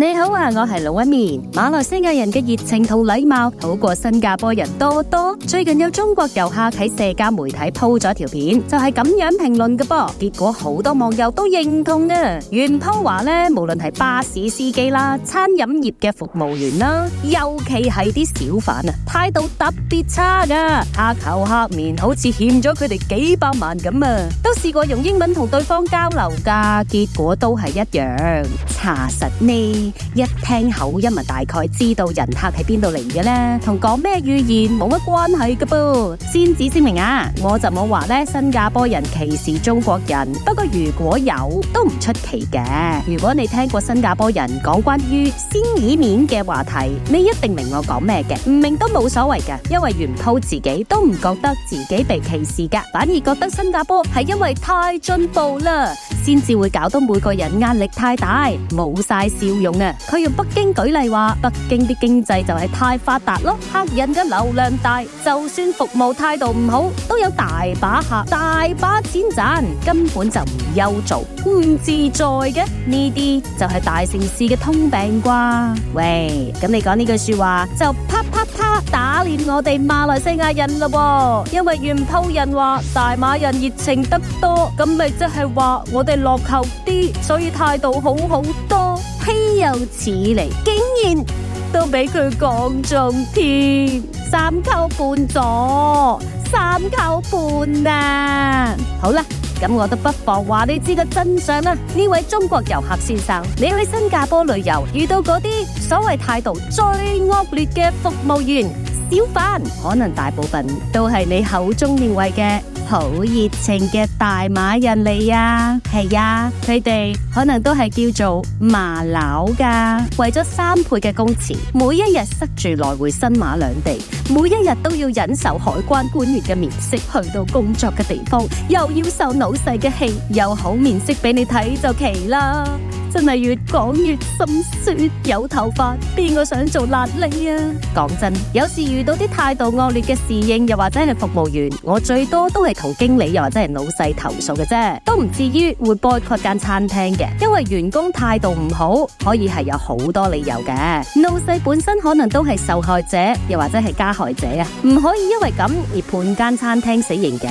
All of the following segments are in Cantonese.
你好啊，我係龍紋敏。馬來西亞人嘅熱情同禮貌好過新加坡人多多。最近有中國遊客喺社交媒體鋪咗條片，就係、是、咁樣評論嘅噃。結果好多網友都認同啊。原鋪話呢，無論係巴士司機啦、餐飲業嘅服務員啦，尤其係啲小販啊，態度特別差噶。阿球黑口黑面，好似欠咗佢哋幾百萬咁啊。都試過用英文同對方交流噶，結果都係一樣。查實呢？一聽口音，咪大概知道人客喺邊度嚟嘅呢？同講咩語言冇乜關係噶噃。先至聲明啊，我就冇話呢新加坡人歧視中國人，不過如果有都唔出奇嘅。如果你聽過新加坡人講關於先以面嘅話題，你一定明我講咩嘅，唔明都冇所謂噶，因為原鋪自己都唔覺得自己被歧視噶，反而覺得新加坡係因為太進步啦。先至會搞到每個人壓力太大，冇晒笑容啊！佢用北京舉例話，北京啲經濟就係太發達咯，客人嘅流量大，就算服務態度唔好，都有大把客、大把錢賺，根本就唔憂做官自在嘅。呢啲就係大城市嘅通病啩？喂，咁你講呢句說話就啪啪啪打臉我哋馬來西亞人咯，因為原鋪人話大馬人熱情得多，咁咪即係話我哋落後啲，所以態度好好多。豈有此理！竟然都俾佢講中添，三扣半咗，三扣半啊！ 好啦，咁我都不妨話你知個真相啦。呢位中國遊客先生，你去新加坡旅遊遇到嗰啲所謂態度最惡劣嘅服務員小販，可能大部分都係你口中認為嘅。好熱情嘅大馬人嚟呀、啊，係呀、啊，佢哋可能都係叫做馬佬噶，為咗三倍嘅工錢，每一日塞住來回新馬兩地，每一日都要忍受海關官員嘅面色，去到工作嘅地方，又要受老細嘅氣，又好面色俾你睇就奇啦。真係越講越心酸，有頭髮邊個想做癩痢啊！講真，有時遇到啲態度惡劣嘅侍應，又或者係服務員，我最多都係同經理又或者係老細投訴嘅啫，都唔至於會 boycott 間餐廳嘅。因為員工態度唔好，可以係有好多理由嘅。老細本身可能都係受害者，又或者係加害者啊，唔可以因為咁而判間餐廳死刑嘅。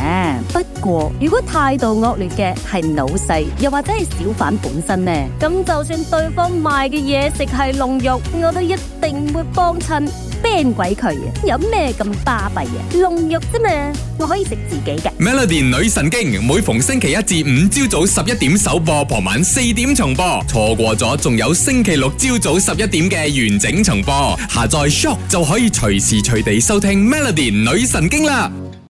不過如果態度惡劣嘅係老細，又或者係小販本身呢？就算對方賣嘅嘢食係龍肉，我都一定會幫襯，ban 鬼佢有咩咁巴閉啊？龍肉啫嘛，我可以食自己嘅。Melody 女神經每逢星期一至五朝早十一點首播，傍晚四點重播，錯過咗仲有星期六朝早十一點嘅完整重播。下載 SYOK 就可以隨時隨地收聽 Melody 女神經啦。